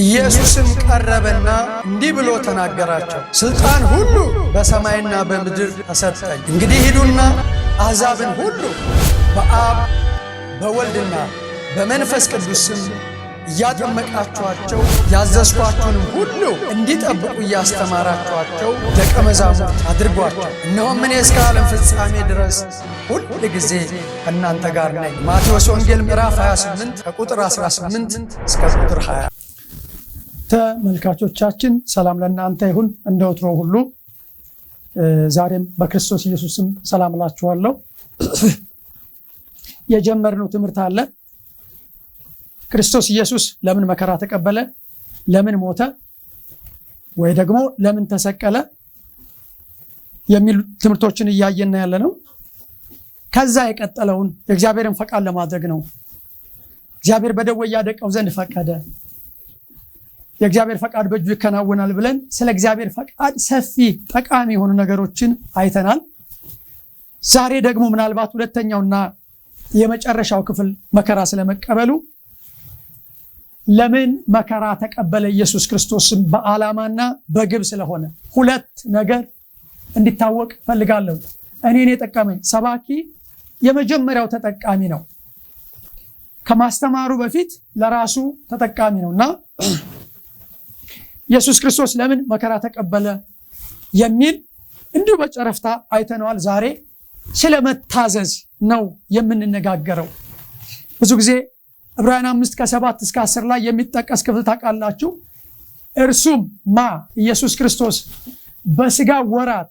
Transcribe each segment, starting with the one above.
ኢየሱስም ቀረበና እንዲህ ብሎ ተናገራቸው፣ ሥልጣን ሁሉ በሰማይና በምድር ተሰጠኝ። እንግዲህ ሂዱና አሕዛብን ሁሉ በአብ በወልድና በመንፈስ ቅዱስ ስም እያጠመቃችኋቸው ያዘዝኳችሁንም ሁሉ እንዲጠብቁ እያስተማራችኋቸው ደቀ መዛሙርት አድርጓቸው። እነሆም እኔ እስከ ዓለም ፍጻሜ ድረስ ሁል ጊዜ ከእናንተ ጋር ነኝ። ማቴዎስ ወንጌል ምዕራፍ 28 ከቁጥር 18 እስከ ቁጥር 20 ተመልካቾቻችን ሰላም ለእናንተ ይሁን። እንደ ወትሮ ሁሉ ዛሬም በክርስቶስ ኢየሱስም ሰላም እላችኋለሁ። የጀመርነው ትምህርት አለ። ክርስቶስ ኢየሱስ ለምን መከራ ተቀበለ? ለምን ሞተ? ወይ ደግሞ ለምን ተሰቀለ? የሚሉ ትምህርቶችን እያየን ያለ ነው። ከዛ የቀጠለውን የእግዚአብሔርን ፈቃድ ለማድረግ ነው። እግዚአብሔር በደዌ ያደቀው ዘንድ ፈቀደ። የእግዚአብሔር ፈቃድ በእጁ ይከናወናል ብለን ስለ እግዚአብሔር ፈቃድ ሰፊ ጠቃሚ የሆኑ ነገሮችን አይተናል። ዛሬ ደግሞ ምናልባት ሁለተኛውና የመጨረሻው ክፍል መከራ ስለመቀበሉ ለምን መከራ ተቀበለ ኢየሱስ ክርስቶስን በዓላማና በግብ ስለሆነ ሁለት ነገር እንዲታወቅ ፈልጋለሁ። እኔን የጠቀመኝ ሰባኪ የመጀመሪያው ተጠቃሚ ነው። ከማስተማሩ በፊት ለራሱ ተጠቃሚ ነው እና ኢየሱስ ክርስቶስ ለምን መከራ ተቀበለ የሚል እንዲሁ በጨረፍታ አይተነዋል። ዛሬ ስለ መታዘዝ ነው የምንነጋገረው። ብዙ ጊዜ ዕብራውያን አምስት ከሰባት እስከ አስር ላይ የሚጠቀስ ክፍል ታውቃላችሁ። እርሱም ማ ኢየሱስ ክርስቶስ በስጋ ወራት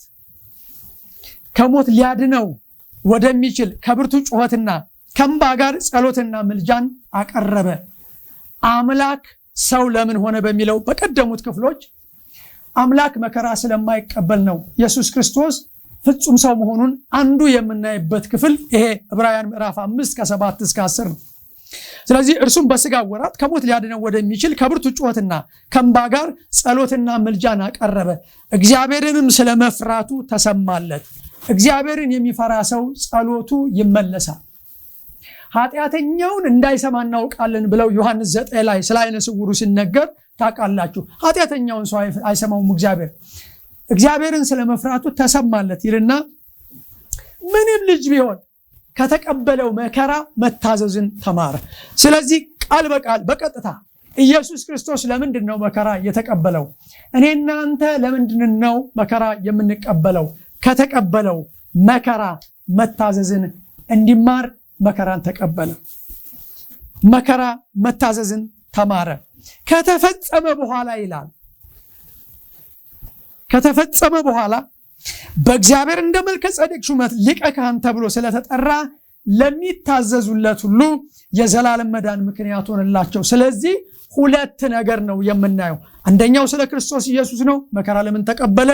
ከሞት ሊያድነው ወደሚችል ከብርቱ ጩኸትና ከምባ ጋር ጸሎትና ምልጃን አቀረበ። አምላክ ሰው ለምን ሆነ በሚለው በቀደሙት ክፍሎች አምላክ መከራ ስለማይቀበል ነው ኢየሱስ ክርስቶስ ፍጹም ሰው መሆኑን አንዱ የምናይበት ክፍል ይሄ ዕብራውያን ምዕራፍ አምስት ከሰባት እስከ አስር ነው። ስለዚህ እርሱም በስጋ ወራት ከሞት ሊያድነው ወደሚችል ከብርቱ ጩኸትና ከእንባ ጋር ጸሎትና ምልጃን አቀረበ፣ እግዚአብሔርንም ስለመፍራቱ ተሰማለት። እግዚአብሔርን የሚፈራ ሰው ጸሎቱ ይመለሳል። ኃጢአተኛውን እንዳይሰማ እናውቃለን ብለው ዮሐንስ ዘጠ ላይ ስለ አይነ ስውሩ ሲነገር ታውቃላችሁ። ኃጢአተኛውን ሰው አይሰማውም እግዚአብሔር። እግዚአብሔርን ስለመፍራቱ ተሰማለት ይልና ምንም ልጅ ቢሆን ከተቀበለው መከራ መታዘዝን ተማረ። ስለዚህ ቃል በቃል በቀጥታ ኢየሱስ ክርስቶስ ለምንድን ነው መከራ የተቀበለው? እኔ እናንተ ለምንድን ነው መከራ የምንቀበለው? ከተቀበለው መከራ መታዘዝን እንዲማር መከራን ተቀበለ። መከራ መታዘዝን ተማረ። ከተፈጸመ በኋላ ይላል ከተፈጸመ በኋላ በእግዚአብሔር እንደ መልከ ጸደቅ ሹመት ሊቀ ካህን ተብሎ ስለተጠራ ለሚታዘዙለት ሁሉ የዘላለም መዳን ምክንያት ሆነላቸው። ስለዚህ ሁለት ነገር ነው የምናየው። አንደኛው ስለ ክርስቶስ ኢየሱስ ነው። መከራ ለምን ተቀበለ?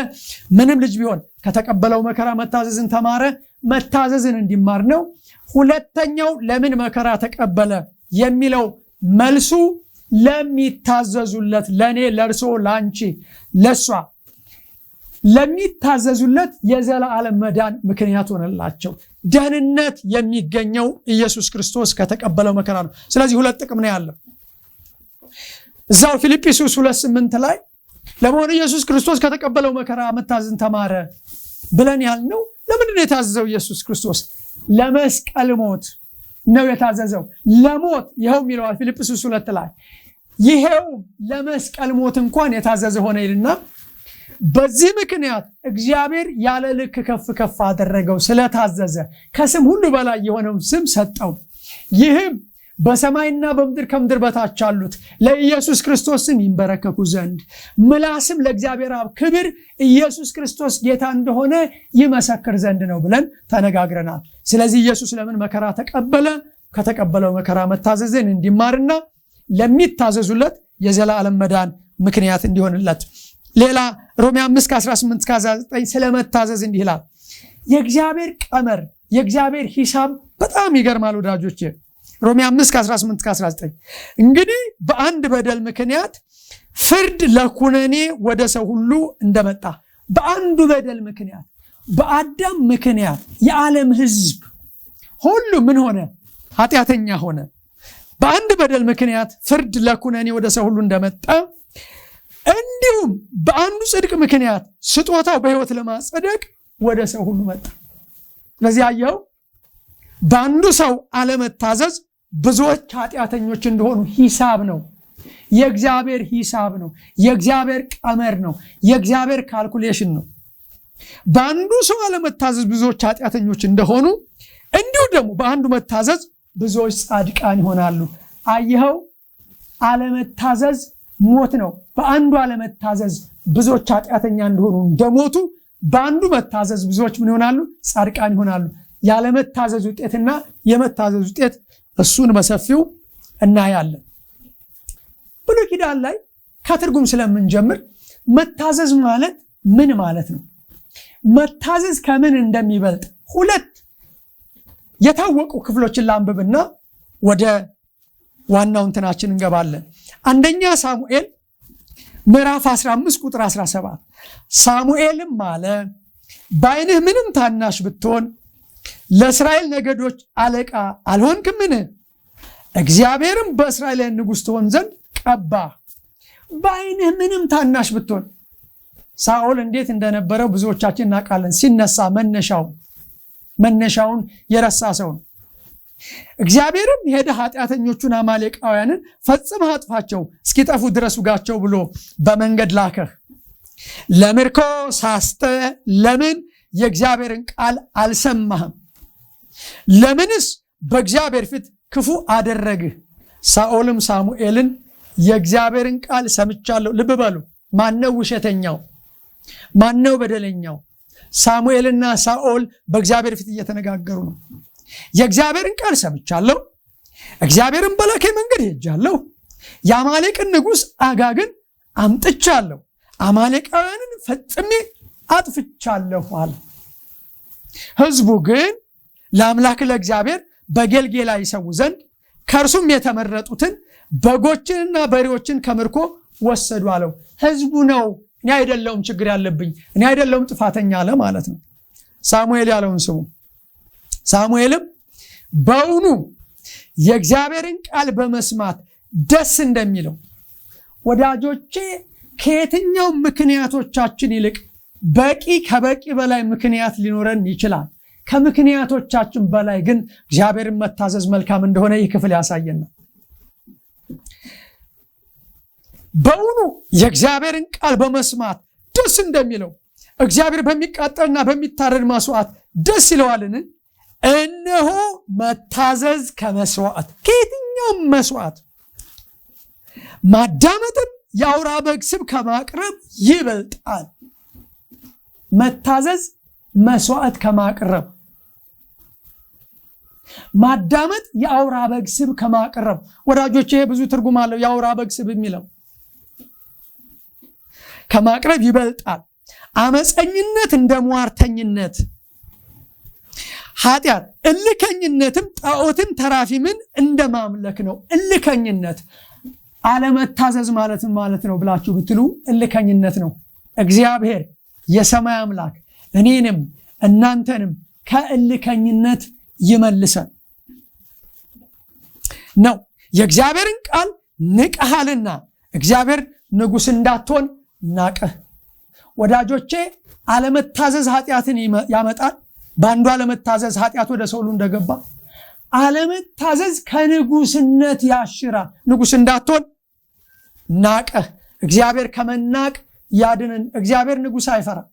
ምንም ልጅ ቢሆን ከተቀበለው መከራ መታዘዝን ተማረ። መታዘዝን እንዲማር ነው። ሁለተኛው ለምን መከራ ተቀበለ የሚለው መልሱ ለሚታዘዙለት ለእኔ፣ ለእርሶ፣ ለአንቺ፣ ለእሷ ለሚታዘዙለት የዘላለም መዳን ምክንያት ሆነላቸው። ደህንነት የሚገኘው ኢየሱስ ክርስቶስ ከተቀበለው መከራ ነው። ስለዚህ ሁለት ጥቅም ነው ያለው። እዛው ፊልጵስዩስ ሁለት ስምንት ላይ ለመሆኑ ኢየሱስ ክርስቶስ ከተቀበለው መከራ መታዘዝን ተማረ ብለን ያልነው ለምንድን ነው የታዘዘው? ኢየሱስ ክርስቶስ ለመስቀል ሞት ነው የታዘዘው። ለሞት ይኸውም ይለዋል ፊልጵስዩስ ሁለት ላይ ይሄውም ለመስቀል ሞት እንኳን የታዘዘ ሆነ ይልና በዚህ ምክንያት እግዚአብሔር ያለ ልክ ከፍ ከፍ አደረገው ስለታዘዘ ከስም ሁሉ በላይ የሆነውን ስም ሰጠው። ይህም በሰማይና በምድር ከምድር በታች አሉት ለኢየሱስ ክርስቶስ ይንበረከኩ ዘንድ ምላስም ለእግዚአብሔር አብ ክብር ኢየሱስ ክርስቶስ ጌታ እንደሆነ ይመሰክር ዘንድ ነው ብለን ተነጋግረናል። ስለዚህ ኢየሱስ ለምን መከራ ተቀበለ? ከተቀበለው መከራ መታዘዝን እንዲማርና ለሚታዘዙለት የዘላለም መዳን ምክንያት እንዲሆንለት ሌላ ሮሜ 5 ከ18 19 ስለመታዘዝ እንዲህ ይላል። የእግዚአብሔር ቀመር የእግዚአብሔር ሂሳብ በጣም ይገርማል ወዳጆች ሮሜ 5 18 19 እንግዲህ በአንድ በደል ምክንያት ፍርድ ለኩነኔ ወደ ሰው ሁሉ እንደመጣ በአንዱ በደል ምክንያት በአዳም ምክንያት የዓለም ህዝብ ሁሉ ምን ሆነ? ኃጢአተኛ ሆነ። በአንድ በደል ምክንያት ፍርድ ለኩነኔ ወደ ሰው ሁሉ እንደመጣ እንዲሁም በአንዱ ጽድቅ ምክንያት ስጦታው በህይወት ለማጸደቅ ወደ ሰው ሁሉ መጣ። ስለዚህ አየው በአንዱ ሰው አለመታዘዝ ብዙዎች ኃጢአተኞች እንደሆኑ ሂሳብ ነው። የእግዚአብሔር ሂሳብ ነው። የእግዚአብሔር ቀመር ነው። የእግዚአብሔር ካልኩሌሽን ነው። በአንዱ ሰው አለመታዘዝ ብዙዎች ኃጢአተኞች እንደሆኑ እንዲሁ ደግሞ በአንዱ መታዘዝ ብዙዎች ጻድቃን ይሆናሉ። አየኸው፣ አለመታዘዝ ሞት ነው። በአንዱ አለመታዘዝ ብዙዎች ኃጢአተኛ እንደሆኑ እንደሞቱ በአንዱ መታዘዝ ብዙዎች ምን ይሆናሉ? ጻድቃን ይሆናሉ። ያለመታዘዝ ውጤትና የመታዘዝ ውጤት እሱን በሰፊው እናያለን። ብሉይ ኪዳን ላይ ከትርጉም ስለምንጀምር መታዘዝ ማለት ምን ማለት ነው? መታዘዝ ከምን እንደሚበልጥ ሁለት የታወቁ ክፍሎችን ላንብብና ወደ ዋናው እንትናችን እንገባለን። አንደኛ ሳሙኤል ምዕራፍ 15 ቁጥር 17 ሳሙኤልም አለ በዓይንህ ምንም ታናሽ ብትሆን ለእስራኤል ነገዶች አለቃ አልሆንክምን? እግዚአብሔርም በእስራኤል ላይ ንጉሥ ትሆን ዘንድ ቀባ። በዓይንህ ምንም ታናሽ ብትሆን ሳኦል እንዴት እንደነበረው ብዙዎቻችን እናውቃለን። ሲነሳ መነሻው መነሻውን የረሳ ሰው ነው። እግዚአብሔርም ሄደ ኃጢአተኞቹን አማሌቃውያንን ፈጽመ አጥፋቸው እስኪጠፉ ድረስ ውጋቸው ብሎ በመንገድ ላከህ። ለምርኮ ሳስተ ለምን የእግዚአብሔርን ቃል አልሰማህም? ለምንስ በእግዚአብሔር ፊት ክፉ አደረግህ? ሳኦልም ሳሙኤልን የእግዚአብሔርን ቃል ሰምቻለሁ። ልብ በሉ፣ ማነው ውሸተኛው? ማነው በደለኛው? ሳሙኤልና ሳኦል በእግዚአብሔር ፊት እየተነጋገሩ ነው። የእግዚአብሔርን ቃል ሰምቻለሁ፣ እግዚአብሔርን በላከኝ መንገድ ሄጃለሁ፣ የአማሌቅን ንጉሥ አጋግን አምጥቻለሁ፣ አማሌቃውያንን ፈጽሜ አጥፍቻለሁ አለ። ህዝቡ ግን ለአምላክ ለእግዚአብሔር በጌልጌላ ይሰዉ ዘንድ ከእርሱም የተመረጡትን በጎችንና በሬዎችን ከምርኮ ወሰዱ አለው። ህዝቡ ነው እኔ አይደለውም ችግር ያለብኝ እኔ አይደለውም ጥፋተኛ አለ ማለት ነው። ሳሙኤል ያለውን ስሙ። ሳሙኤልም በውኑ የእግዚአብሔርን ቃል በመስማት ደስ እንደሚለው ወዳጆቼ ከየትኛው ምክንያቶቻችን ይልቅ በቂ ከበቂ በላይ ምክንያት ሊኖረን ይችላል። ከምክንያቶቻችን በላይ ግን እግዚአብሔርን መታዘዝ መልካም እንደሆነ ይህ ክፍል ያሳየናል። በውኑ የእግዚአብሔርን ቃል በመስማት ደስ እንደሚለው እግዚአብሔር በሚቃጠልና በሚታረድ መስዋዕት ደስ ይለዋልን? እነሆ መታዘዝ ከመስዋዕት ከየትኛውም መስዋዕት ማዳመጥን የአውራ በግ ስብ ከማቅረብ ይበልጣል። መታዘዝ መስዋዕት ከማቅረብ ማዳመጥ የአውራ በግ ስብ ከማቅረብ ወዳጆች፣ ይሄ ብዙ ትርጉም አለው። የአውራ በግ ስብ የሚለው ከማቅረብ ይበልጣል። አመፀኝነት እንደ ሟርተኝነት ኃጢአት፣ እልከኝነትም ጣዖትን ተራፊምን እንደ ማምለክ ነው። እልከኝነት አለመታዘዝ ማለት ማለት ነው ብላችሁ ብትሉ እልከኝነት ነው። እግዚአብሔር የሰማይ አምላክ እኔንም እናንተንም ከእልከኝነት ይመልሳል ነው። የእግዚአብሔርን ቃል ንቀሃልና እግዚአብሔር ንጉስ እንዳትሆን ናቀህ። ወዳጆቼ አለመታዘዝ ኃጢአትን ያመጣል። በአንዱ አለመታዘዝ ኃጢአት ወደ ሰውሉ እንደገባ አለመታዘዝ ከንጉስነት ያሽራል። ንጉስ እንዳትሆን ናቀህ። እግዚአብሔር ከመናቅ ያድንን። እግዚአብሔር ንጉስ አይፈራም።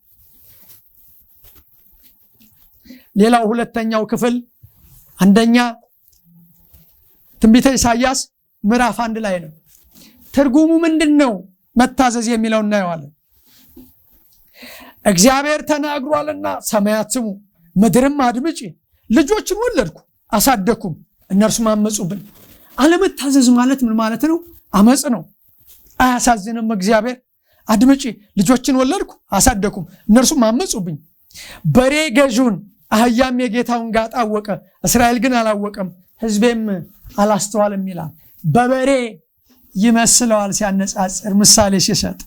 ሌላው ሁለተኛው ክፍል አንደኛ ትንቢተ ኢሳያስ ምዕራፍ አንድ ላይ ነው። ትርጉሙ ምንድን ነው? መታዘዝ የሚለው እናየዋለን። እግዚአብሔር ተናግሯልና ሰማያት ስሙ፣ ምድርም አድምጪ። ልጆችን ወለድኩ አሳደግኩም፣ እነርሱም አመፁብን። አለመታዘዝ ማለት ምን ማለት ነው? አመፅ ነው። አያሳዝንም? እግዚአብሔር አድምጪ፣ ልጆችን ወለድኩ አሳደግኩም፣ እነርሱም አመፁብኝ። በሬ ገዥውን አህያም የጌታውን ጋጥ አወቀ፣ እስራኤል ግን አላወቀም፣ ህዝቤም አላስተዋልም ይላል። በበሬ ይመስለዋል ሲያነጻጽር፣ ምሳሌ ሲሰጥ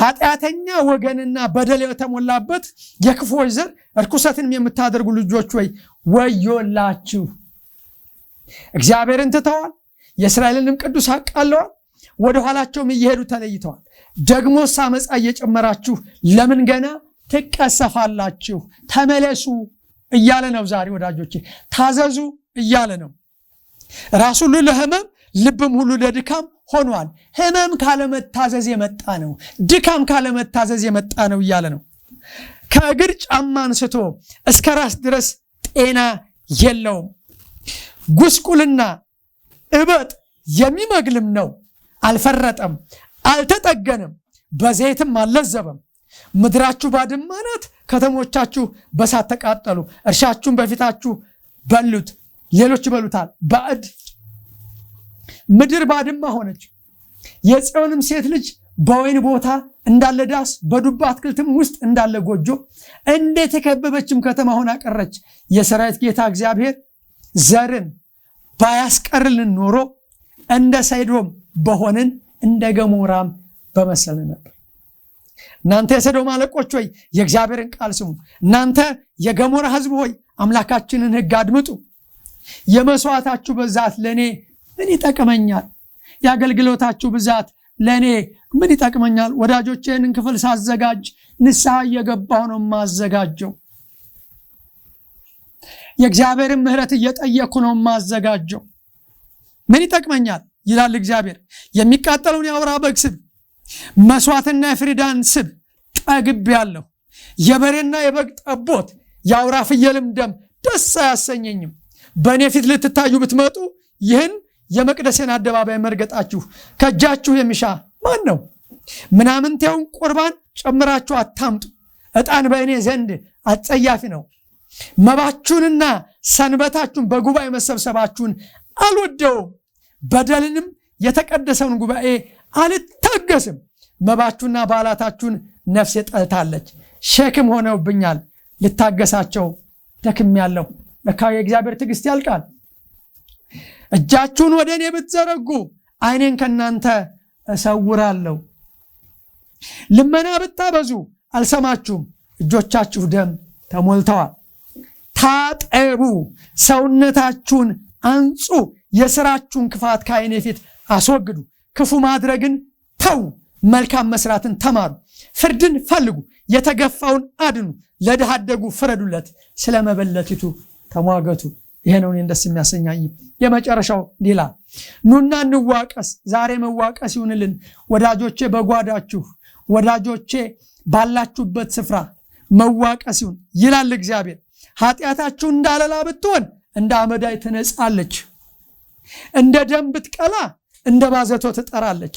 ኃጢአተኛ ወገንና በደል የተሞላበት የክፉዎች ዘር እርኩሰትንም የምታደርጉ ልጆች ወይ ወዮላችሁ። እግዚአብሔርን ትተዋል፣ የእስራኤልንም ቅዱስ አቃለዋል፣ ወደኋላቸውም እየሄዱ ተለይተዋል። ደግሞ ሳመፃ እየጨመራችሁ ለምን ገና ትቀሰፋላችሁ፣ ተመለሱ እያለ ነው። ዛሬ ወዳጆቼ ታዘዙ እያለ ነው። ራስ ሁሉ ለህመም ልብም ሁሉ ለድካም ሆኗል። ህመም ካለመታዘዝ የመጣ ነው፣ ድካም ካለመታዘዝ የመጣ ነው እያለ ነው። ከእግር ጫማ አንስቶ እስከ ራስ ድረስ ጤና የለውም። ጉስቁልና እበጥ የሚመግልም ነው። አልፈረጠም፣ አልተጠገንም፣ በዘይትም አልለዘበም። ምድራችሁ ባድማ ናት፣ ከተሞቻችሁ በሳት ተቃጠሉ። እርሻችሁን በፊታችሁ በሉት፣ ሌሎች ይበሉታል። ባዕድ ምድር ባድማ ሆነች። የጽዮንም ሴት ልጅ በወይን ቦታ እንዳለ ዳስ በዱባ አትክልትም ውስጥ እንዳለ ጎጆ እንደ ተከበበችም ከተማ ሆና ቀረች። የሰራዊት ጌታ እግዚአብሔር ዘርን ባያስቀርልን ኖሮ እንደ ሰይዶም በሆንን እንደ ገሞራም በመሰልን ነበር። እናንተ የሰዶም አለቆች ሆይ የእግዚአብሔርን ቃል ስሙ። እናንተ የገሞራ ሕዝብ ሆይ አምላካችንን ሕግ አድምጡ። የመስዋዕታችሁ ብዛት ለእኔ ምን ይጠቅመኛል? የአገልግሎታችሁ ብዛት ለእኔ ምን ይጠቅመኛል? ወዳጆች ይህንን ክፍል ሳዘጋጅ ንስሐ እየገባሁ ነው የማዘጋጀው። የእግዚአብሔርን ምሕረት እየጠየቅኩ ነው የማዘጋጀው። ምን ይጠቅመኛል ይላል እግዚአብሔር። የሚቃጠለውን የአውራ በግ ስብ መስዋዕትና የፍሪዳን ስብ ጠግብ ያለሁ የበሬና የበግ ጠቦት የአውራ ፍየልም ደም ደስ አያሰኘኝም። በእኔ ፊት ልትታዩ ብትመጡ ይህን የመቅደሴን አደባባይ መርገጣችሁ ከእጃችሁ የሚሻ ማን ነው? ምናምንቴውን ቁርባን ጨምራችሁ አታምጡ። ዕጣን በእኔ ዘንድ አጸያፊ ነው። መባችሁንና ሰንበታችሁን በጉባኤ መሰብሰባችሁን አልወደውም። በደልንም የተቀደሰውን ጉባኤ አልታገስም። መባችሁና በዓላታችሁን ነፍሴ ጠልታለች፣ ሸክም ሆነውብኛል። ልታገሳቸው ደክሜያለሁ። ለካ የእግዚአብሔር ትዕግስት ያልቃል። እጃችሁን ወደ እኔ ብትዘረጉ ዓይኔን ከእናንተ እሰውራለሁ። ልመና ብታበዙ አልሰማችሁም፣ እጆቻችሁ ደም ተሞልተዋል። ታጠቡ፣ ሰውነታችሁን አንጹ፣ የስራችሁን ክፋት ከዓይኔ ፊት አስወግዱ። ክፉ ማድረግን ተዉ፣ መልካም መስራትን ተማሩ፣ ፍርድን ፈልጉ፣ የተገፋውን አድኑ፣ ለድሃ አደጉ ፍረዱለት፣ ስለ መበለቲቱ ተሟገቱ። ይሄ ነው እኔን ደስ የሚያሰኛኝ። የመጨረሻው ሌላ ኑና እንዋቀስ፣ ዛሬ መዋቀስ ይሁንልን። ወዳጆቼ በጓዳችሁ ወዳጆቼ ባላችሁበት ስፍራ መዋቀስ ይሁን ይላል እግዚአብሔር። ኃጢአታችሁ እንዳለላ ብትሆን እንደ አመዳይ ትነጻለች፣ እንደ ደም ብትቀላ እንደ ባዘቶ ትጠራለች።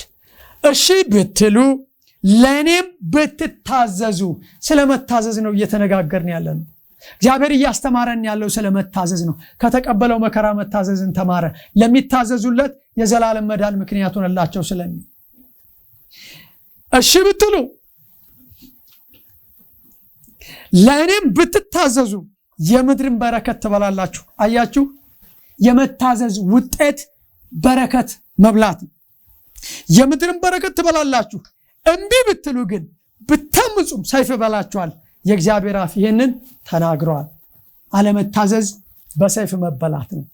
እሺ ብትሉ ለእኔም ብትታዘዙ፣ ስለ መታዘዝ ነው እየተነጋገርን ያለ ነው። እግዚአብሔር እያስተማረን ያለው ስለ መታዘዝ ነው። ከተቀበለው መከራ መታዘዝን ተማረ፣ ለሚታዘዙለት የዘላለም መዳን ምክንያት ሆነላቸው ስለሚል እሺ ብትሉ ለእኔም ብትታዘዙ የምድርን በረከት ትበላላችሁ። አያችሁ፣ የመታዘዝ ውጤት በረከት መብላት ነው። የምድርን በረከት ትበላላችሁ። እምቢ ብትሉ ግን ብታምፁም ሰይፍ ይበላችኋል። የእግዚአብሔር አፍ ይህንን ተናግረዋል። አለመታዘዝ በሰይፍ መበላት ነው።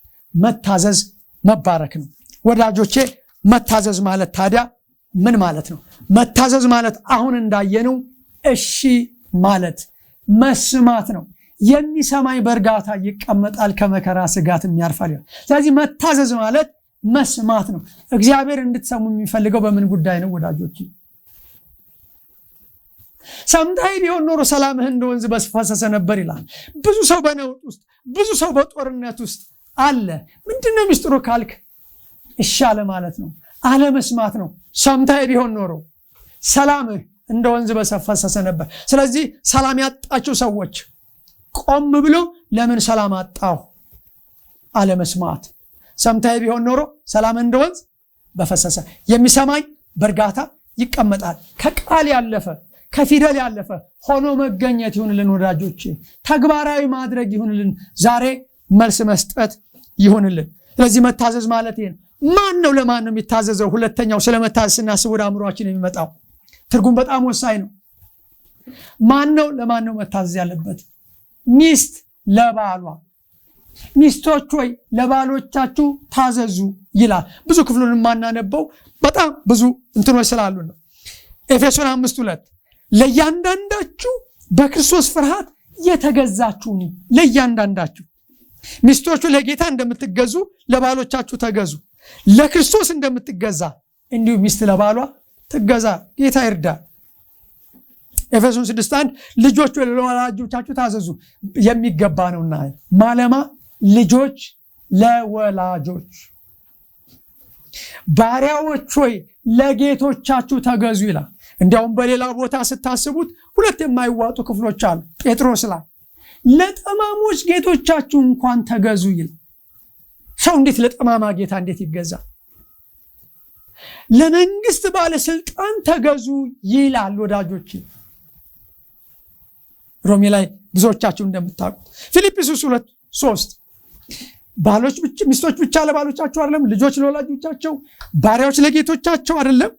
መታዘዝ መባረክ ነው። ወዳጆቼ መታዘዝ ማለት ታዲያ ምን ማለት ነው? መታዘዝ ማለት አሁን እንዳየነው እሺ ማለት መስማት ነው። የሚሰማኝ በእርጋታ ይቀመጣል፣ ከመከራ ስጋት የሚያርፋል። ስለዚህ መታዘዝ ማለት መስማት ነው። እግዚአብሔር እንድትሰሙ የሚፈልገው በምን ጉዳይ ነው ወዳጆች? ሰምታይ ቢሆን ኖሮ ሰላምህ እንደ ወንዝ ነበር ይላል። ብዙ ሰው በነውጥ ውስጥ፣ ብዙ ሰው በጦርነት ውስጥ አለ። ምንድነው ሚስጥሩ ካልክ እሺ አለ ማለት ነው፣ አለመስማት ነው። ሰምታይ ቢሆን ኖሮ ሰላምህ እንደ ወንዝ ነበር። ስለዚህ ሰላም ያጣቸው ሰዎች ቆም ብሎ ለምን ሰላም አጣሁ? አለመስማት ሰምታይ ቢሆን ኖሮ ሰላም እንደወንዝ በፈሰሰ የሚሰማኝ በእርጋታ ይቀመጣል። ከቃል ያለፈ ከፊደል ያለፈ ሆኖ መገኘት ይሁንልን ወዳጆች፣ ተግባራዊ ማድረግ ይሁንልን፣ ዛሬ መልስ መስጠት ይሁንልን። ስለዚህ መታዘዝ ማለት ይሄ ማን ነው ለማን ነው የሚታዘዘው? ሁለተኛው ስለ መታዘዝ ስናስብ ወደ አእምሯችን የሚመጣው ትርጉም በጣም ወሳኝ ነው። ማን ነው ለማን ነው መታዘዝ ያለበት? ሚስት ለባሏ ሚስቶች ወይ ለባሎቻችሁ ታዘዙ ይላል። ብዙ ክፍሉን የማናነበው በጣም ብዙ እንትኖች ስላሉ ነው። ኤፌሶን አምስት ሁለት ለእያንዳንዳችሁ በክርስቶስ ፍርሃት የተገዛችሁ ነው። ለእያንዳንዳችሁ ሚስቶቹ ለጌታ እንደምትገዙ ለባሎቻችሁ ተገዙ። ለክርስቶስ እንደምትገዛ እንዲሁ ሚስት ለባሏ ትገዛ። ጌታ ይርዳ። ኤፌሶን ስድስት አንድ ልጆች ለወላጆቻችሁ ታዘዙ የሚገባ ነውና ማለማ ልጆች ለወላጆች ባሪያዎች ሆይ ለጌቶቻችሁ ተገዙ ይላል። እንዲያውም በሌላ ቦታ ስታስቡት ሁለት የማይዋጡ ክፍሎች አሉ። ጴጥሮስ ላይ ለጠማሞች ጌቶቻችሁ እንኳን ተገዙ ይል ሰው እንዴት ለጠማማ ጌታ እንዴት ይገዛል? ለመንግስት ባለስልጣን ተገዙ ይላል። ወዳጆች ሮሜ ላይ ብዙዎቻችሁ እንደምታውቁት ፊልጵስስ ሁለት ሶስት ባሎች ሚስቶች ብቻ ለባሎቻቸው አይደለም፣ ልጆች ለወላጆቻቸው፣ ባሪያዎች ለጌቶቻቸው አይደለም።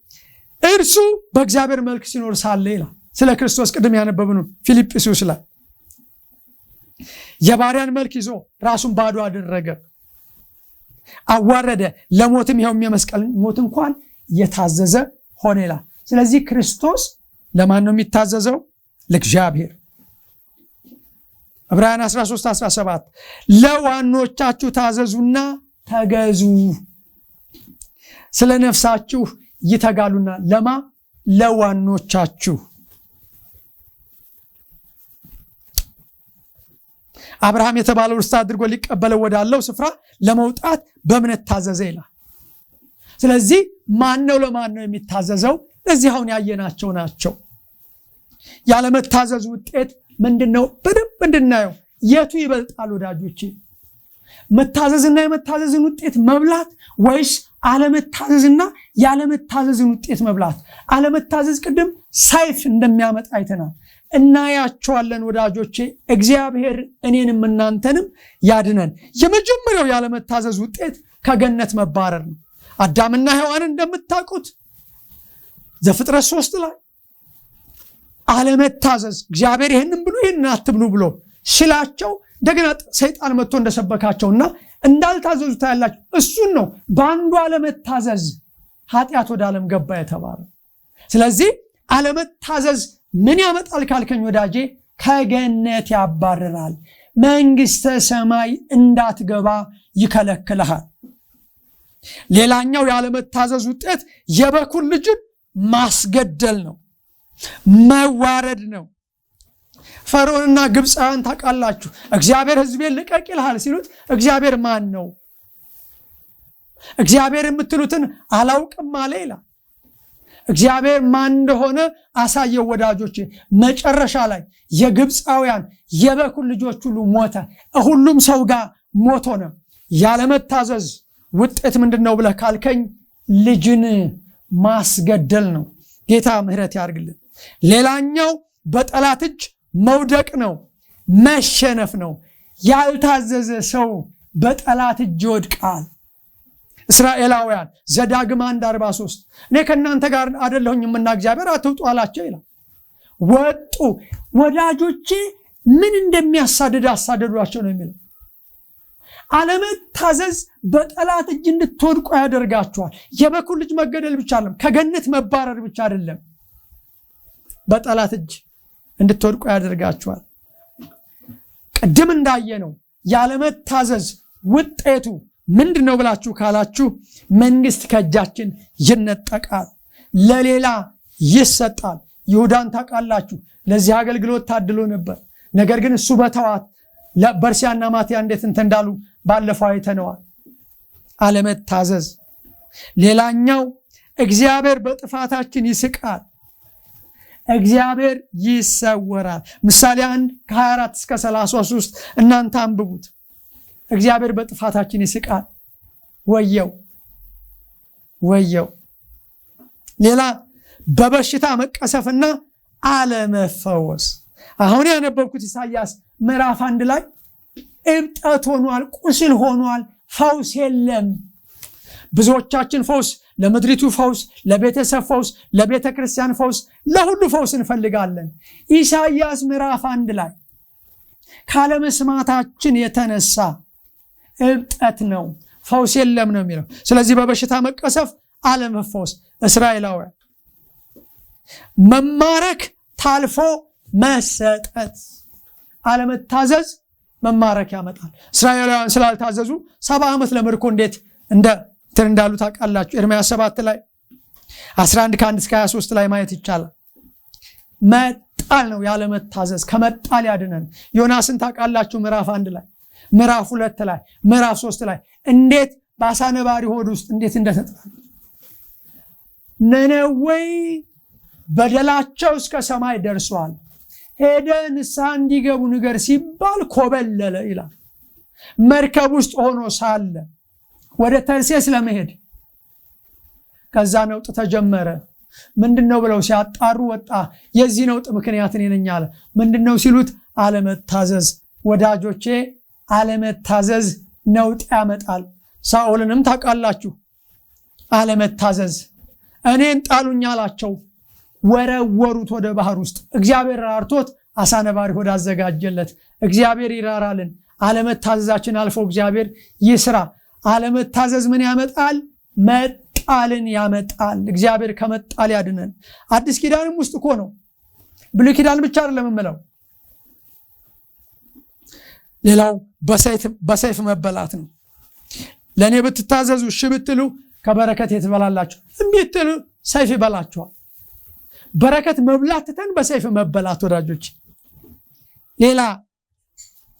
እርሱ በእግዚአብሔር መልክ ሲኖር ሳለ ይላል። ስለ ክርስቶስ ቅድም ያነበብነው ፊልጵስዩስ ላይ የባሪያን መልክ ይዞ ራሱን ባዶ አደረገ፣ አዋረደ፣ ለሞትም ይኸውም የመስቀል ሞት እንኳን የታዘዘ ሆነ ይላል። ስለዚህ ክርስቶስ ለማን ነው የሚታዘዘው? ለእግዚአብሔር። ዕብራውያን 13 17 ለዋኖቻችሁ ታዘዙና ተገዙ፣ ስለ ነፍሳችሁ ይተጋሉና። ለማ ለዋኖቻችሁ። አብርሃም የተባለው ርስት አድርጎ ሊቀበለው ወዳለው ስፍራ ለመውጣት በእምነት ታዘዘ ይላል። ስለዚህ ማን ነው ለማን ነው የሚታዘዘው? እዚህ አሁን ያየናቸው ናቸው። ያለመታዘዝ ውጤት ምንድን ነው? በደንብ እንድናየው የቱ ይበልጣል ወዳጆቼ? መታዘዝና የመታዘዝን ውጤት መብላት ወይስ አለመታዘዝና ያለመታዘዝን ውጤት መብላት? አለመታዘዝ ቅድም ሰይፍ እንደሚያመጣ አይተናል። እናያቸዋለን ወዳጆቼ። እግዚአብሔር እኔንም እናንተንም ያድነን። የመጀመሪያው ያለመታዘዝ ውጤት ከገነት መባረር ነው። አዳምና ሔዋንን እንደምታውቁት ዘፍጥረት ሶስት ላይ አለመታዘዝ እግዚአብሔር ይህንም ብሉ ይህንን አትብሉ ብሎ ስላቸው እንደገና ሰይጣን መጥቶ እንደሰበካቸውና እንዳልታዘዙ ታያላቸው። እሱን ነው በአንዱ አለመታዘዝ ኃጢአት ወደ ዓለም ገባ የተባለ ስለዚህ አለመታዘዝ ምን ያመጣል ካልከኝ ወዳጄ ከገነት ያባርራል። መንግስተ ሰማይ እንዳትገባ ይከለክልሃል። ሌላኛው የአለመታዘዝ ውጤት የበኩር ልጅን ማስገደል ነው። መዋረድ ነው። ፈርዖንና ግብፃውያን ታውቃላችሁ፣ እግዚአብሔር ሕዝቤን ልቀቅ ይልሃል ሲሉት እግዚአብሔር ማን ነው? እግዚአብሔር የምትሉትን አላውቅም አለ ይላል። እግዚአብሔር ማን እንደሆነ አሳየው ወዳጆች። መጨረሻ ላይ የግብፃውያን የበኩር ልጆች ሁሉ ሞተ። ሁሉም ሰው ጋር ሞት ሆነ። ያለመታዘዝ ውጤት ምንድን ነው ብለህ ካልከኝ ልጅን ማስገደል ነው። ጌታ ምሕረት ያርግልን። ሌላኛው በጠላት እጅ መውደቅ ነው፣ መሸነፍ ነው። ያልታዘዘ ሰው በጠላት እጅ ይወድቃል። እስራኤላውያን ዘዳግም 1 43 እኔ ከእናንተ ጋር አደለሁኝምና እግዚአብሔር አትውጡ አላቸው ይላል። ወጡ። ወዳጆቼ ምን እንደሚያሳድድ አሳደዷቸው ነው የሚለው። አለመታዘዝ በጠላት እጅ እንድትወድቁ ያደርጋችኋል። የበኩር ልጅ መገደል ብቻ አይደለም፣ ከገነት መባረር ብቻ አይደለም። በጠላት እጅ እንድትወድቁ ያደርጋችኋል። ቅድም እንዳየ ነው ያለመታዘዝ ውጤቱ ምንድን ነው ብላችሁ ካላችሁ መንግስት ከእጃችን ይነጠቃል፣ ለሌላ ይሰጣል። ይሁዳን ታውቃላችሁ። ለዚህ አገልግሎት ታድሎ ነበር። ነገር ግን እሱ በተዋት በርሲያና ማቲያ እንዴት እንትን እንዳሉ ባለፈው አይተነዋል። አለመታዘዝ። ሌላኛው እግዚአብሔር በጥፋታችን ይስቃል። እግዚአብሔር ይሰወራል። ምሳሌ አንድ ከ24 እስከ 33 እናንተ አንብቡት። እግዚአብሔር በጥፋታችን ይስቃል። ወየው ወየው። ሌላ በበሽታ መቀሰፍና አለመፈወስ። አሁን ያነበብኩት ኢሳያስ ምዕራፍ አንድ ላይ እብጠት ሆኗል፣ ቁስል ሆኗል፣ ፈውስ የለም። ብዙዎቻችን ፈውስ ለምድሪቱ ፈውስ፣ ለቤተሰብ ፈውስ፣ ለቤተ ክርስቲያን ፈውስ፣ ለሁሉ ፈውስ እንፈልጋለን። ኢሳይያስ ምዕራፍ አንድ ላይ ካለመስማታችን የተነሳ እብጠት ነው ፈውስ የለም ነው የሚለው። ስለዚህ በበሽታ መቀሰፍ አለመፈወስ እስራኤላውያን መማረክ ታልፎ መሰጠት አለመታዘዝ መማረክ ያመጣል። እስራኤላውያን ስላልታዘዙ ሰባ ዓመት ለምርኮ እንዴት እንደ እንትን እንዳሉ ታውቃላችሁ። ኤርምያስ ሰባት ላይ 11 ከ1 እስከ 23 ላይ ማየት ይቻላል። መጣል ነው ያለመታዘዝ፣ ከመጣል ያድነን። ዮናስን ታውቃላችሁ። ምዕራፍ አንድ ላይ ምዕራፍ ሁለት ላይ ምዕራፍ ሶስት ላይ እንዴት በአሳ ነባሪ ሆድ ውስጥ እንዴት እንደተጣለ ነነዌ በደላቸው እስከ ሰማይ ደርሷል፣ ሄደ ንስሐ እንዲገቡ ንገር ሲባል ኮበለለ ይላል። መርከብ ውስጥ ሆኖ ሳለ ወደ ተርሴስ ለመሄድ ከዛ ነውጥ ተጀመረ። ምንድን ነው ብለው ሲያጣሩ ወጣ። የዚህ ነውጥ ምክንያት እኔ ነኝ አለ። ምንድን ነው ሲሉት አለመታዘዝ። ወዳጆቼ አለመታዘዝ ነውጥ ያመጣል። ሳኦልንም ታውቃላችሁ። አለመታዘዝ እኔን ጣሉኝ አላቸው። ወረወሩት ወደ ባህር ውስጥ። እግዚአብሔር ራርቶት አሳ ነባሪ ሆድ አዘጋጀለት። እግዚአብሔር ይራራልን። አለመታዘዛችን አልፎ እግዚአብሔር ይስራ። አለመታዘዝ ምን ያመጣል? መጣልን ያመጣል። እግዚአብሔር ከመጣል ያድነን። አዲስ ኪዳንም ውስጥ እኮ ነው። ብሉይ ኪዳን ብቻ አይደለም የምለው። ሌላው በሰይፍ መበላት ነው። ለእኔ ብትታዘዙ እሺ ብትሉ ከበረከት የትበላላችሁ እምትሉ ሰይፍ ይበላችኋል። በረከት መብላት ትተን በሰይፍ መበላት ወዳጆች፣ ሌላ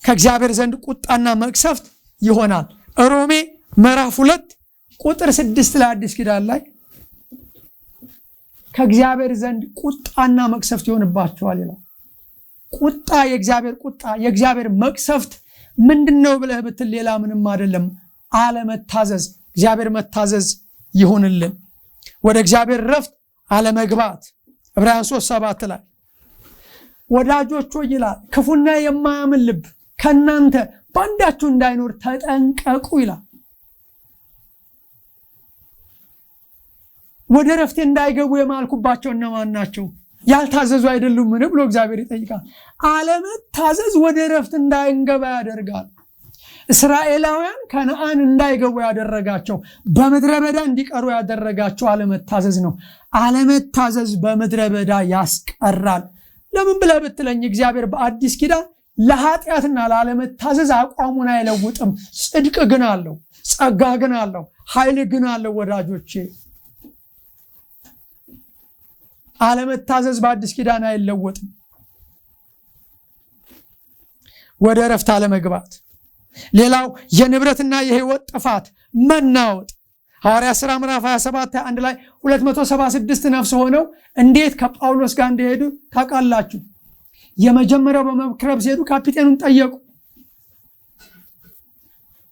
ከእግዚአብሔር ዘንድ ቁጣና መቅሰፍት ይሆናል። ሮሜ ምዕራፍ ሁለት ቁጥር ስድስት ላይ አዲስ ኪዳን ላይ ከእግዚአብሔር ዘንድ ቁጣና መቅሰፍት ይሆንባቸዋል ይላል። ቁጣ የእግዚአብሔር ቁጣ የእግዚአብሔር መቅሰፍት ምንድን ነው ብለህ ብትል ሌላ ምንም አይደለም፣ አለመታዘዝ። እግዚአብሔር መታዘዝ ይሆንልን፣ ወደ እግዚአብሔር ረፍት አለመግባት። ዕብራውያን 3 ሰባት ላይ ወዳጆች ይላል ክፉና የማያምን ልብ ከእናንተ በአንዳችሁ እንዳይኖር ተጠንቀቁ ይላል። ወደ ረፍቴ እንዳይገቡ የማልኩባቸው እነማን ናቸው? ያልታዘዙ ምን ብሎ እግዚአብሔር ይጠይቃል። አለመታዘዝ ወደ ረፍት እንዳይንገባ ያደርጋል። እስራኤላውያን ከነአን እንዳይገቡ ያደረጋቸው በምድረ በዳ እንዲቀሩ ያደረጋቸው አለመታዘዝ ነው። አለመታዘዝ በምድረ በዳ ያስቀራል። ለምን ብለህ ብትለኝ እግዚአብሔር በአዲስ ኪዳን ለኃጢአትና ላለመታዘዝ አቋሙን አይለውጥም። ጽድቅ ግን አለው፣ ጸጋ ግን አለው፣ ኃይል ግን አለው ወዳጆቼ አለመታዘዝ በአዲስ ኪዳን አይለወጥም። ወደ እረፍት አለመግባት። ሌላው የንብረትና የህይወት ጥፋት መናወጥ ሐዋርያ ሥራ ምዕራፍ 27 አንድ ላይ 276 ነፍስ ሆነው እንዴት ከጳውሎስ ጋር እንደሄዱ ታውቃላችሁ። የመጀመሪያው በመክረብ ሲሄዱ ካፒቴኑን ጠየቁ።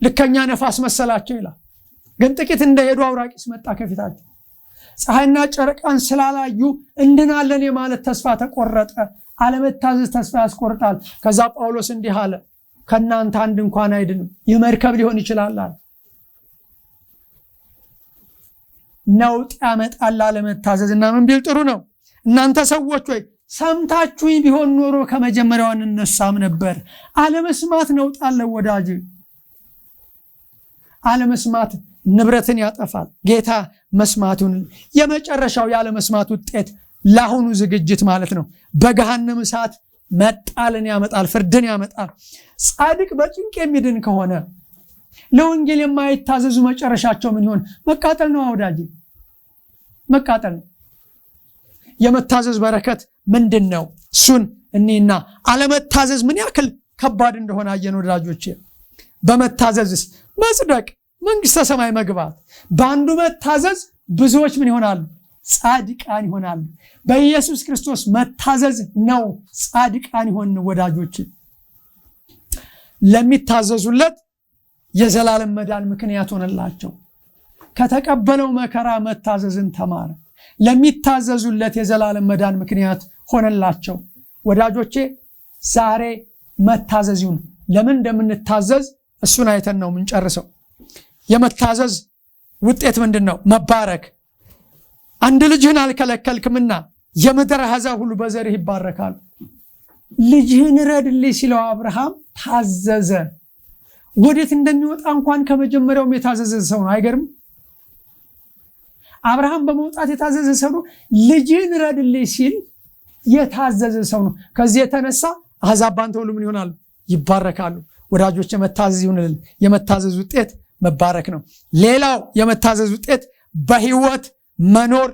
ልከኛ ነፋስ መሰላቸው ይላል፣ ግን ጥቂት እንደሄዱ አውራቂስ መጣ ከፊታቸው። ፀሐይና ጨረቃን ስላላዩ እንድናለን የማለት ተስፋ ተቆረጠ። አለመታዘዝ ተስፋ ያስቆርጣል። ከዛ ጳውሎስ እንዲህ አለ፣ ከእናንተ አንድ እንኳን አይድንም። ይህ መርከብ ሊሆን ይችላል አለ። ነውጥ ያመጣል አለመታዘዝ። እና ምን ቢል ጥሩ ነው? እናንተ ሰዎች ወይ ሰምታችሁኝ ቢሆን ኖሮ ከመጀመሪያው እንነሳም ነበር። አለመስማት ነውጥ ወዳጅ፣ አለመስማት ንብረትን ያጠፋል። ጌታ መስማቱን የመጨረሻው ያለ ውጤት ለአሁኑ ዝግጅት ማለት ነው። በገሃነም እሳት መጣልን ያመጣል፣ ፍርድን ያመጣል። ጻድቅ በጭንቅ የሚድን ከሆነ ለወንጌል የማይታዘዙ መጨረሻቸው ምን ይሆን? መቃጠል ነው ወዳጅ፣ መቃጠል ነው። የመታዘዝ በረከት ምንድን ነው? እሱን እኔና አለመታዘዝ ምን ያክል ከባድ እንደሆነ አየን ወዳጆች። በመታዘዝስ መጽደቅ መንግስተ ሰማይ መግባት። በአንዱ መታዘዝ ብዙዎች ምን ይሆናሉ? ጻድቃን ይሆናሉ። በኢየሱስ ክርስቶስ መታዘዝ ነው ጻድቃን ይሆን። ወዳጆች ለሚታዘዙለት የዘላለም መዳን ምክንያት ሆነላቸው። ከተቀበለው መከራ መታዘዝን ተማረ። ለሚታዘዙለት የዘላለም መዳን ምክንያት ሆነላቸው። ወዳጆቼ ዛሬ መታዘዝ ይሁን። ለምን እንደምንታዘዝ እሱን አይተን ነው የምንጨርሰው። የመታዘዝ ውጤት ምንድን ነው? መባረክ። አንድ ልጅህን አልከለከልክምና የምድር አሕዛብ ሁሉ በዘርህ ይባረካሉ። ልጅህን ረድልኝ ሲለው አብርሃም ታዘዘ። ወዴት እንደሚወጣ እንኳን ከመጀመሪያውም የታዘዘ ሰው ነው። አይገርም? አብርሃም በመውጣት የታዘዘ ሰው ነው። ልጅህን ረድልኝ ሲል የታዘዘ ሰው ነው። ከዚህ የተነሳ አሕዛብ ባንተ ሁሉ ምን ይሆናሉ? ይባረካሉ። ወዳጆች የመታዘዝ ይሁንልን። የመታዘዝ ውጤት መባረክ ነው። ሌላው የመታዘዝ ውጤት በህይወት መኖር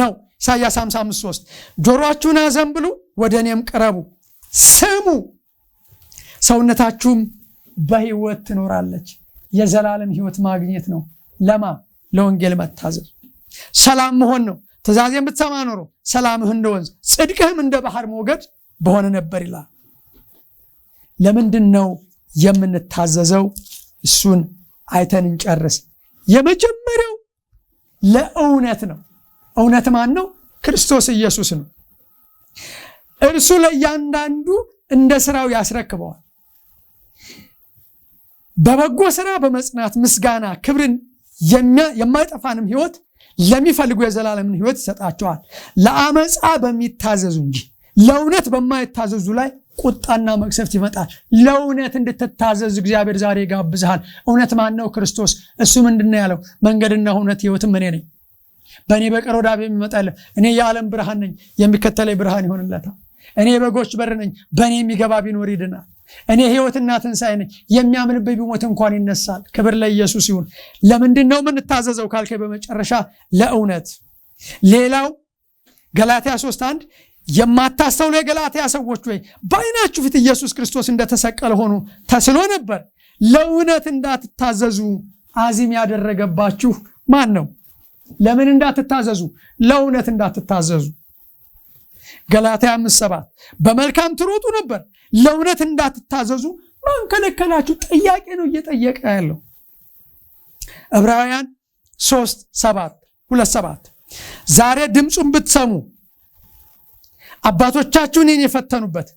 ነው። ኢሳያስ 55፥3 ጆሮአችሁን አዘንብሉ፣ ወደ እኔም ቅረቡ፣ ስሙ፣ ሰውነታችሁም በህይወት ትኖራለች። የዘላለም ህይወት ማግኘት ነው። ለማ ለወንጌል መታዘዝ ሰላም መሆን ነው። ትእዛዜን ብትሰማ ኖሮ ሰላምህ እንደ ወንዝ፣ ጽድቅህም እንደ ባህር ሞገድ በሆነ ነበር ይላል። ለምንድን ነው የምንታዘዘው? እሱን አይተን እንጨርስ። የመጀመሪያው ለእውነት ነው። እውነት ማን ነው? ክርስቶስ ኢየሱስ ነው። እርሱ ለእያንዳንዱ እንደ ስራው ያስረክበዋል። በበጎ ስራ በመጽናት ምስጋና ክብርን የማይጠፋንም ህይወት ለሚፈልጉ የዘላለምን ህይወት ይሰጣቸዋል። ለአመፃ በሚታዘዙ እንጂ ለእውነት በማይታዘዙ ላይ ቁጣና መቅሰፍት ይመጣል። ለእውነት እንድትታዘዝ እግዚአብሔር ዛሬ ጋብዝሃል። እውነት ማን ነው? ክርስቶስ። እሱ ምንድን ነው ያለው? መንገድና እውነት ህይወትም እኔ ነኝ፣ በእኔ በቀር ወደ አብ የሚመጣ የለም። እኔ የዓለም ብርሃን ነኝ፣ የሚከተለኝ ብርሃን ይሆንለታል። እኔ በጎች በር ነኝ፣ በእኔ የሚገባ ቢኖር ይድናል። እኔ ህይወትና ትንሣኤ ነኝ፣ የሚያምንበት ቢሞት እንኳን ይነሳል። ክብር ለኢየሱስ ይሁን። ለምንድን ነው የምንታዘዘው ካልከ፣ በመጨረሻ ለእውነት ሌላው ገላትያ 3 1 የማታስተውሉ የገላትያ ሰዎች ወይ በዓይናችሁ ፊት ኢየሱስ ክርስቶስ እንደተሰቀለ ሆኖ ተስሎ ነበር። ለእውነት እንዳትታዘዙ አዚም ያደረገባችሁ ማን ነው? ለምን እንዳትታዘዙ? ለእውነት እንዳትታዘዙ። ገላትያ አምስት ሰባት በመልካም ትሮጡ ነበር፣ ለእውነት እንዳትታዘዙ ማን ከለከላችሁ? ጥያቄ ነው እየጠየቀ ያለው። ዕብራውያን ሶስት ሰባት ሁለት ሰባት ዛሬ ድምፁን ብትሰሙ አባቶቻችሁን እኔን የፈተኑበት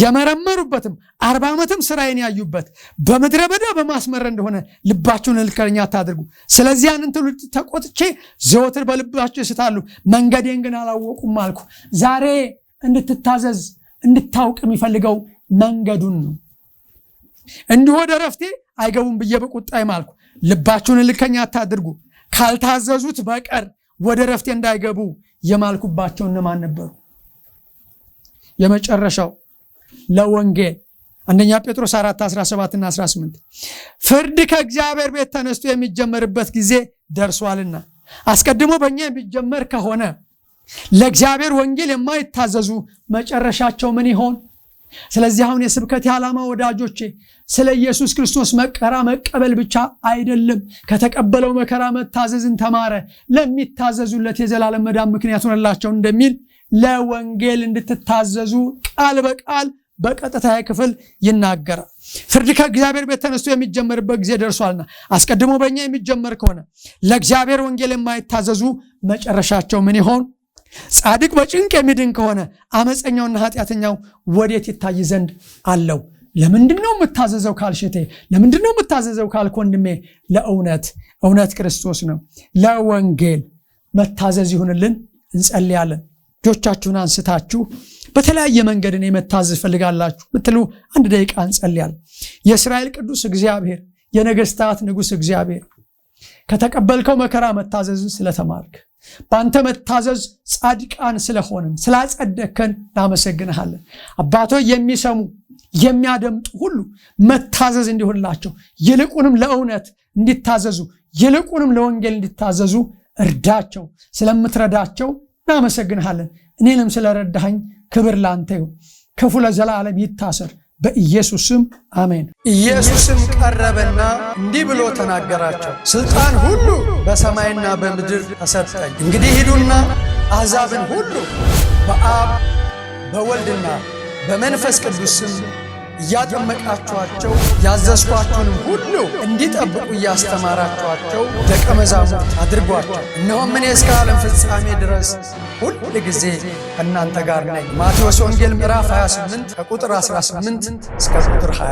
የመረመሩበትም አርባ ዓመትም ስራዬን ያዩበት በምድረ በዳ በማስመረ እንደሆነ ልባችሁን እልከኛ አታድርጉ። ስለዚህ ያንን ትውልድ ተቆጥቼ ዘወትር በልባቸው ይስታሉ፣ መንገዴን ግን አላወቁም አልኩ። ዛሬ እንድትታዘዝ እንድታውቅ የሚፈልገው መንገዱን ነው። እንዲሁ ወደ ረፍቴ አይገቡም ብዬ በቁጣይ ማልኩ። ልባችሁን እልከኛ አታድርጉ፣ ካልታዘዙት በቀር ወደ ረፍቴ እንዳይገቡ የማልኩባቸው እነማን ነበሩ? የመጨረሻው ለወንጌል አንደኛ ጴጥሮስ 4 17 እና 18 ፍርድ ከእግዚአብሔር ቤት ተነስቶ የሚጀመርበት ጊዜ ደርሷልና አስቀድሞ በእኛ የሚጀመር ከሆነ ለእግዚአብሔር ወንጌል የማይታዘዙ መጨረሻቸው ምን ይሆን? ስለዚህ አሁን የስብከት ዓላማ ወዳጆቼ ስለ ኢየሱስ ክርስቶስ መከራ መቀበል ብቻ አይደለም። ከተቀበለው መከራ መታዘዝን ተማረ፣ ለሚታዘዙለት የዘላለም መዳም ምክንያት ሆነላቸው እንደሚል ለወንጌል እንድትታዘዙ ቃል በቃል በቀጥታ ክፍል ይናገራል። ፍርድ ከእግዚአብሔር ቤት ተነስቶ የሚጀመርበት ጊዜ ደርሷልና አስቀድሞ በእኛ የሚጀመር ከሆነ ለእግዚአብሔር ወንጌል የማይታዘዙ መጨረሻቸው ምን ይሆን? ጻድቅ በጭንቅ የሚድን ከሆነ አመፀኛውና ኃጢአተኛው ወዴት ይታይ ዘንድ አለው? ለምንድን ነው የምታዘዘው ካልሽቴ? ለምንድን ነው የምታዘዘው ካልክ ወንድሜ? ለእውነት እውነት ክርስቶስ ነው። ለወንጌል መታዘዝ ይሁንልን። እንጸልያለን። እጆቻችሁን አንስታችሁ በተለያየ መንገድ የመታዘዝ መታዘዝ ምትሉ አንድ ደቂቃ እንጸልያል የእስራኤል ቅዱስ እግዚአብሔር የነገስታት ንጉስ እግዚአብሔር ከተቀበልከው መከራ መታዘዝን ስለተማርክ በአንተ መታዘዝ ጻድቃን ስለሆንን ስላጸደከን እናመሰግንሃለን። አባቶ የሚሰሙ የሚያደምጡ ሁሉ መታዘዝ እንዲሆንላቸው ይልቁንም ለእውነት እንዲታዘዙ ይልቁንም ለወንጌል እንዲታዘዙ እርዳቸው። ስለምትረዳቸው እናመሰግንሃለን። እኔንም ስለረዳኸኝ ክብር ላንተ ይሁን። ክፉ ለዘላለም ይታሰር በኢየሱስም አሜን። ኢየሱስም ቀረበና እንዲህ ብሎ ተናገራቸው፣ ሥልጣን ሁሉ በሰማይና በምድር ተሰጠኝ። እንግዲህ ሂዱና አሕዛብን ሁሉ በአብ በወልድና በመንፈስ ቅዱስ ስም እያጠመቃችኋቸው ያዘዝኳችሁንም ሁሉ እንዲጠብቁ እያስተማራችኋቸው ደቀ መዛሙርት አድርጓቸው። እነሆም እኔ እስከ ዓለም ፍጻሜ ድረስ ሁል ጊዜ ከእናንተ ጋር ነኝ። ማቴዎስ ወንጌል ምዕራፍ 28 ከቁጥር 18 እስከ ቁጥር 20